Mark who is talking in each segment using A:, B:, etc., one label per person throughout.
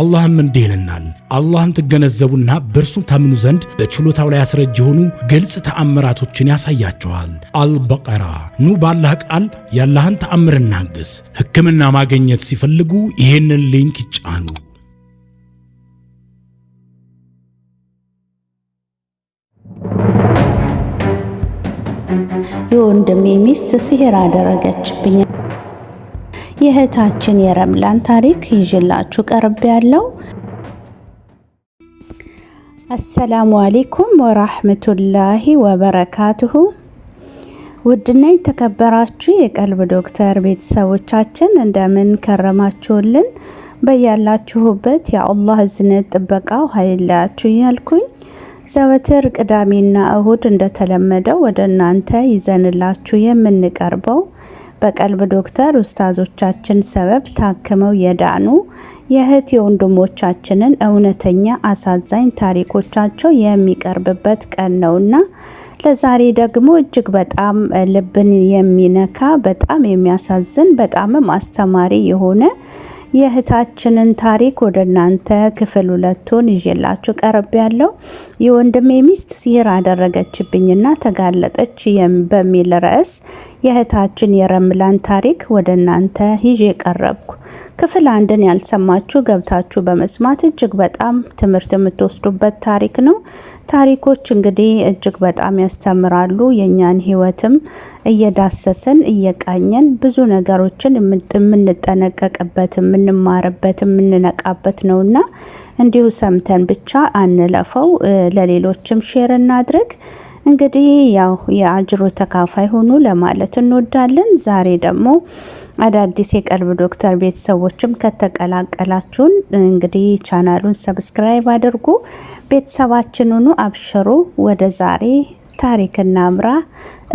A: አላህም እንዲህ ይለናል፣ አላህን ትገነዘቡና በእርሱ ታምኑ ዘንድ በችሎታው ላይ አስረጅ የሆኑ ግልጽ ተአምራቶችን ያሳያቸዋል። አልበቀራ ኑ ባላህ ቃል ያላህን ተአምር እናግስ። ሕክምና ማግኘት ሲፈልጉ ይህንን ሊንክ ይጫኑ።
B: የወንድሜ ሚስት ሲህር አደረገችብኝ። የእህታችን የረምላን ታሪክ ይዤላችሁ ቀርብ ያለው። አሰላሙ አሌይኩም ወራህመቱላሂ ወበረካቱሁ። ውድና የተከበራችሁ የቀልብ ዶክተር ቤተሰቦቻችን እንደምን ከረማችሁልን? በያላችሁበት የአላህ እዝነት ጥበቃው ሀይላችሁ ያልኩኝ ዘወትር ቅዳሜና እሁድ እንደተለመደው ወደ እናንተ ይዘንላችሁ የምንቀርበው በቀልብ ዶክተር ኡስታዞቻችን ሰበብ ታክመው የዳኑ የእህት የወንድሞቻችንን እውነተኛ አሳዛኝ ታሪኮቻቸው የሚቀርብበት ቀን ነውና ለዛሬ ደግሞ እጅግ በጣም ልብን የሚነካ በጣም የሚያሳዝን በጣምም አስተማሪ የሆነ የእህታችንን ታሪክ ወደ እናንተ ክፍል ሁለቱን ይዤላችሁ ቀረብ ያለው የወንድሜ ሚስት ሲህር አደረገችብኝና ተጋለጠች በሚል ርዕስ የእህታችን የረምላን ታሪክ ወደ እናንተ ይዤ ቀረብኩ። ክፍል አንድን ያልሰማችሁ ገብታችሁ በመስማት እጅግ በጣም ትምህርት የምትወስዱበት ታሪክ ነው። ታሪኮች እንግዲህ እጅግ በጣም ያስተምራሉ። የእኛን ህይወትም እየዳሰስን እየቃኘን ብዙ ነገሮችን የምንጠነቀቅበት የምንማርበት የምንነቃበት እና እንዲሁ ሰምተን ብቻ አንለፈው። ለሌሎችም ሼር እናድረግ። እንግዲህ ያው የአጅሮ ተካፋይ ሆኑ ለማለት እንወዳለን። ዛሬ ደግሞ አዳዲስ የቀልብ ዶክተር ቤተሰቦችም ከተቀላቀላችሁን እንግዲህ ቻናሉን ሰብስክራይብ አድርጉ፣ ቤተሰባችን ሁኑ። አብሽሩ። ወደ ዛሬ ታሪክና አምራ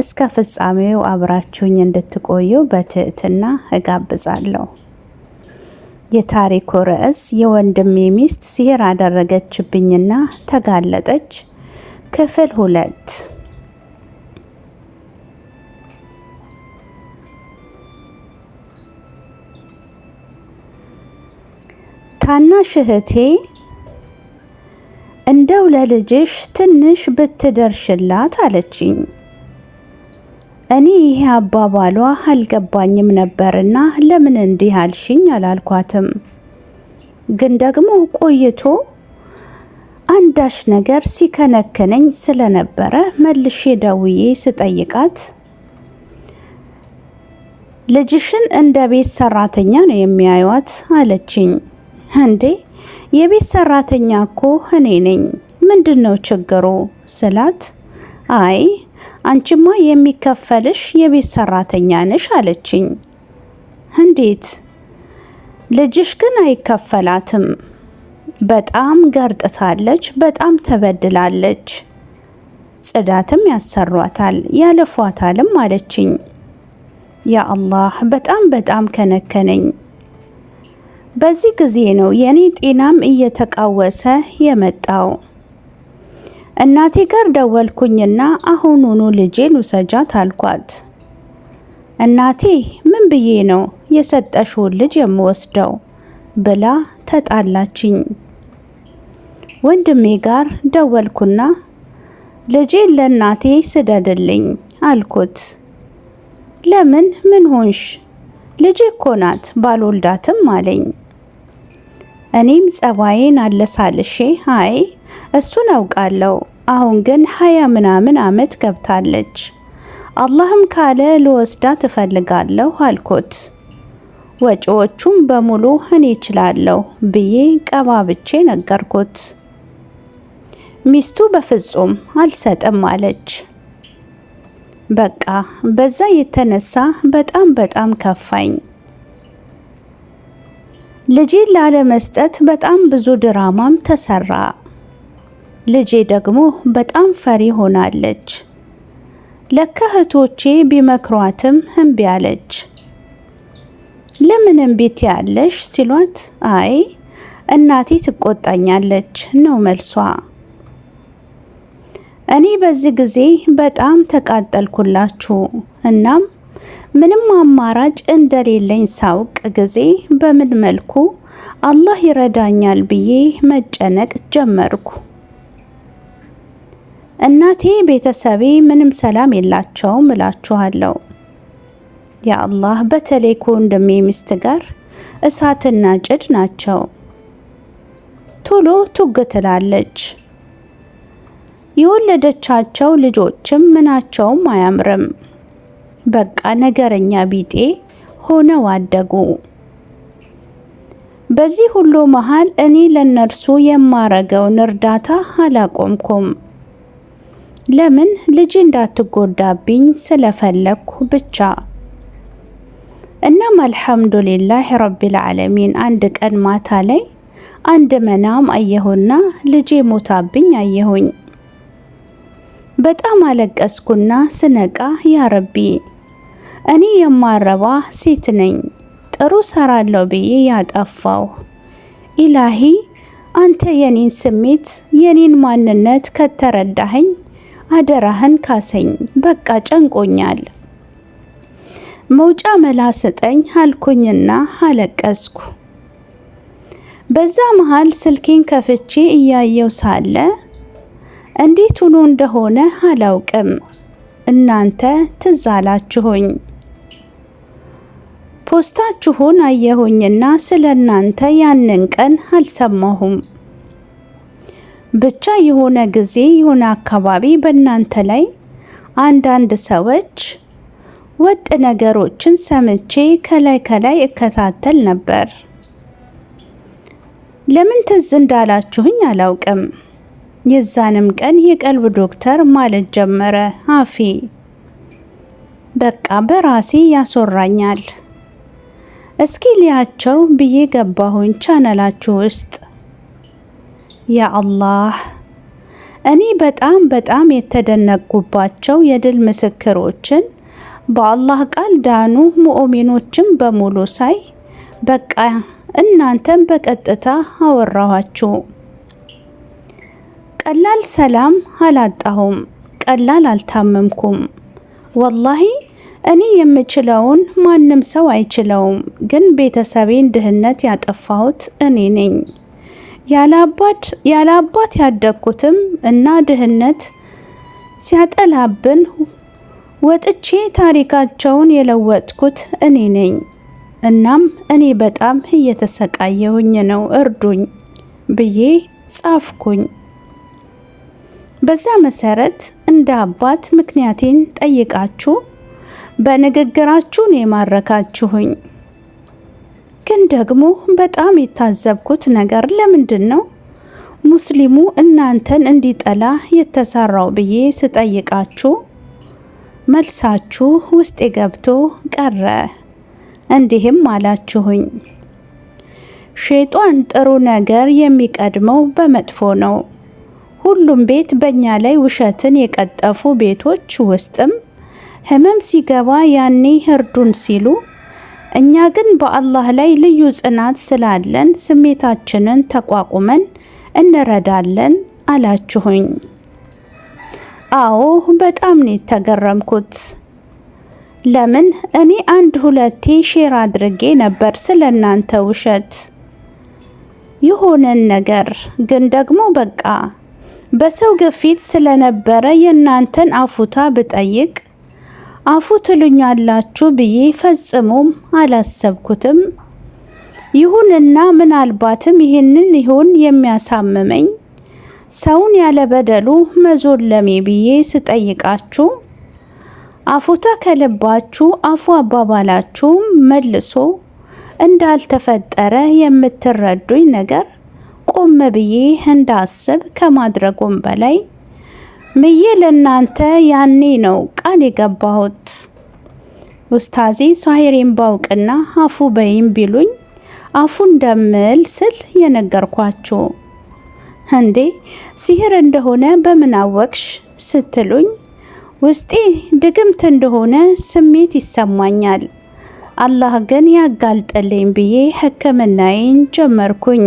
B: እስከ ፍጻሜው አብራችሁኝ እንድትቆዩ በትህትና እጋብዛለሁ። የታሪኩ ርዕስ የወንድሜ ሚስት ሲሄር አደረገችብኝና ተጋለጠች ክፍል ሁለት ታናሽ እህቴ እንደው ለልጅሽ ትንሽ ብትደርሽላት አለችኝ። እኔ ይሄ አባባሏ አልገባኝም ነበርና ለምን እንዲህ አልሽኝ አላልኳትም። ግን ደግሞ ቆይቶ አንዳች ነገር ሲከነከነኝ ስለነበረ መልሼ ደውዬ ስጠይቃት ልጅሽን እንደ ቤት ሰራተኛ ነው የሚያዩት አለችኝ። እንዴ የቤት ሰራተኛ እኮ እኔ ነኝ፣ ምንድን ነው ችግሩ ስላት፣ አይ አንቺማ የሚከፈልሽ የቤት ሰራተኛ ነሽ አለችኝ። እንዴት ልጅሽ ግን አይከፈላትም በጣም ገርጥታለች፣ በጣም ተበድላለች። ጽዳትም ያሰሯታል፣ ያለፏታልም አለችኝ። ያ አላህ በጣም በጣም ከነከነኝ። በዚህ ጊዜ ነው የኔ ጤናም እየተቃወሰ የመጣው። እናቴ ጋር ደወልኩኝና አሁኑኑ ልጄን ውሰጃት አልኳት። እናቴ ምን ብዬ ነው የሰጠሽውን ልጅ የምወስደው ብላ ተጣላችኝ። ወንድሜ ጋር ደወልኩና ልጄን ለእናቴ ስደድልኝ አልኩት። ለምን ምን ሆንሽ? ልጄ እኮ ናት ባልወልዳትም አለኝ። እኔም ጸባዬን አለሳልሼ አይ እሱን አውቃለሁ፣ አሁን ግን ሀያ ምናምን ዓመት ገብታለች፣ አላህም ካለ ልወስዳት ትፈልጋለሁ አልኩት። ወጪዎቹም በሙሉ እኔ እችላለሁ ብዬ ቀባብቼ ነገርኩት። ሚስቱ በፍጹም አልሰጥም አለች። በቃ በዛ የተነሳ በጣም በጣም ከፋኝ። ልጄን ላለመስጠት በጣም ብዙ ድራማም ተሰራ። ልጄ ደግሞ በጣም ፈሪ ሆናለች። ለካ እህቶቼ ቢመክሯትም እምቢ አለች። ለምን እምቢ ትያለሽ ሲሏት፣ አይ እናቴ ትቆጣኛለች ነው መልሷ። እኔ በዚህ ጊዜ በጣም ተቃጠልኩላችሁ። እናም ምንም አማራጭ እንደሌለኝ ሳውቅ ጊዜ በምን መልኩ አላህ ይረዳኛል ብዬ መጨነቅ ጀመርኩ። እናቴ፣ ቤተሰቤ ምንም ሰላም የላቸውም እላችኋለሁ። ያአላህ በተለይ ከወንድሜ ሚስት ጋር እሳትና ጭድ ናቸው። ቶሎ ቱግ ትላለች። የወለደቻቸው ልጆችም ምናቸውም አያምርም። በቃ ነገረኛ ቢጤ ሆነው አደጉ። በዚህ ሁሉ መሃል እኔ ለነርሱ የማረገውን እርዳታ አላቆምኩም። ለምን ልጅ እንዳትጎዳብኝ ስለፈለግኩ ብቻ። እናም አልሐምዱሊላህ ረቢል ዓለሚን አንድ ቀን ማታ ላይ አንድ መናም አየሁና ልጄ ሞታብኝ አየሁኝ። በጣም አለቀስኩና ስነቃ ያረቢ እኔ የማረባ ሴት ነኝ፣ ጥሩ ሰራለሁ ብዬ ያጠፋው ኢላሂ አንተ የኔን ስሜት የኔን ማንነት ከተረዳኸኝ አደራህን ካሰኝ፣ በቃ ጨንቆኛል፣ መውጫ መላ ስጠኝ አልኩኝና አለቀስኩ። በዛ መሃል ስልኬን ከፍቼ እያየው ሳለ እንዴት ሆኖ እንደሆነ አላውቅም፣ እናንተ ትዝ አላችሁኝ። ፖስታችሁን አየሁኝና ስለ እናንተ ያንን ቀን አልሰማሁም። ብቻ የሆነ ጊዜ የሆነ አካባቢ በእናንተ ላይ አንዳንድ ሰዎች ወጥ ነገሮችን ሰምቼ ከላይ ከላይ እከታተል ነበር። ለምን ትዝ እንዳላችሁኝ አላውቅም። የዛንም ቀን የቀልብ ዶክተር ማለት ጀመረ አፊ በቃ በራሴ ያስወራኛል። እስኪ ሊያቸው ብዬ ገባሁኝ ቻነላችሁ ውስጥ። ያ አላህ እኔ በጣም በጣም የተደነቁባቸው የድል ምስክሮችን በአላህ ቃል ዳኑ ሙእሚኖችን በሙሉ ሳይ በቃ እናንተም በቀጥታ አወራኋችሁ። ቀላል ሰላም አላጣሁም፣ ቀላል አልታመምኩም። ወላሂ እኔ የምችለውን ማንም ሰው አይችለውም። ግን ቤተሰቤን ድህነት ያጠፋሁት እኔ ነኝ። ያለ አባት ያደግኩትም እና ድህነት ሲያጠላብን ወጥቼ ታሪካቸውን የለወጥኩት እኔ ነኝ። እናም እኔ በጣም እየተሰቃየሁኝ ነው፣ እርዱኝ ብዬ ጻፍኩኝ። በዛ መሰረት እንደ አባት ምክንያቴን ጠይቃችሁ በንግግራችሁን የማረካችሁኝ። ግን ደግሞ በጣም የታዘብኩት ነገር ለምንድን ነው ሙስሊሙ እናንተን እንዲጠላ የተሰራው ብዬ ስጠይቃችሁ መልሳችሁ ውስጤ ገብቶ ቀረ። እንዲህም አላችሁኝ፣ ሼጧን ጥሩ ነገር የሚቀድመው በመጥፎ ነው። ሁሉም ቤት በእኛ ላይ ውሸትን የቀጠፉ ቤቶች ውስጥም ህመም ሲገባ ያኔ እርዱን ሲሉ፣ እኛ ግን በአላህ ላይ ልዩ ጽናት ስላለን ስሜታችንን ተቋቁመን እንረዳለን አላችሁኝ። አዎ በጣም ነው የተገረምኩት። ለምን እኔ አንድ ሁለቴ ሼር አድርጌ ነበር ስለ እናንተ ውሸት የሆነን ነገር ግን ደግሞ በቃ በሰው ግፊት ስለነበረ የእናንተን አፉታ ብጠይቅ አፉ ትሉኛላችሁ ብዬ ፈጽሞም አላሰብኩትም። ይሁንና ምናልባትም ይህንን ይሁን የሚያሳምመኝ ሰውን ያለ በደሉ መዞለሜ ለሜ ብዬ ስጠይቃችሁ አፉታ ከልባችሁ አፉ አባባላችሁ መልሶ እንዳልተፈጠረ የምትረዱኝ ነገር ቆም ብዬ እንዳስብ ከማድረጉም በላይ ምዬ ለእናንተ ያኔ ነው ቃል የገባሁት። ውስታዜ ሳሄሬን ባውቅና አፉ በይም ቢሉኝ አፉ እንደምል ስል የነገርኳችሁ እንዴ ሲህር እንደሆነ በምን አወቅሽ ስትሉኝ ውስጤ ድግምት እንደሆነ ስሜት ይሰማኛል። አላህ ግን ያጋልጠልኝ ብዬ ሕክምናዬን ጀመርኩኝ።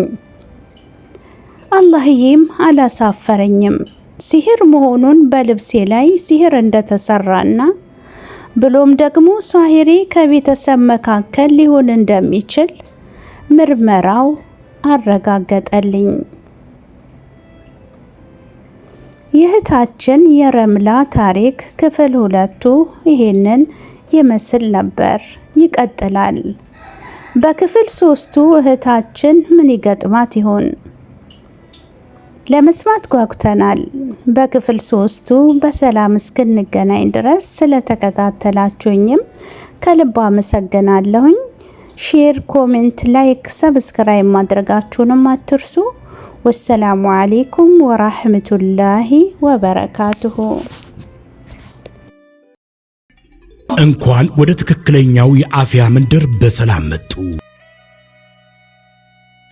B: አላህዬም አላሳፈረኝም። ሲህር መሆኑን በልብሴ ላይ ሲህር እንደተሰራና ብሎም ደግሞ ሳሂሪ ከቤተሰብ መካከል ሊሆን እንደሚችል ምርመራው አረጋገጠልኝ። የእህታችን የረምላ ታሪክ ክፍል ሁለቱ ይሄንን ይመስል ነበር። ይቀጥላል። በክፍል ሶስቱ እህታችን ምን ይገጥማት ይሆን? ለመስማት ጓጉተናል። በክፍል ሶስቱ በሰላም እስክንገናኝ ድረስ ስለተከታተላችሁኝም ከልብ አመሰግናለሁኝ። ሼር፣ ኮሜንት፣ ላይክ፣ ሰብስክራይብ ማድረጋችሁንም አትርሱ። ወሰላሙ አሌይኩም ወራህመቱላሂ ወበረካቱሁ።
A: እንኳን ወደ ትክክለኛው የአፍያ መንደር በሰላም መጡ።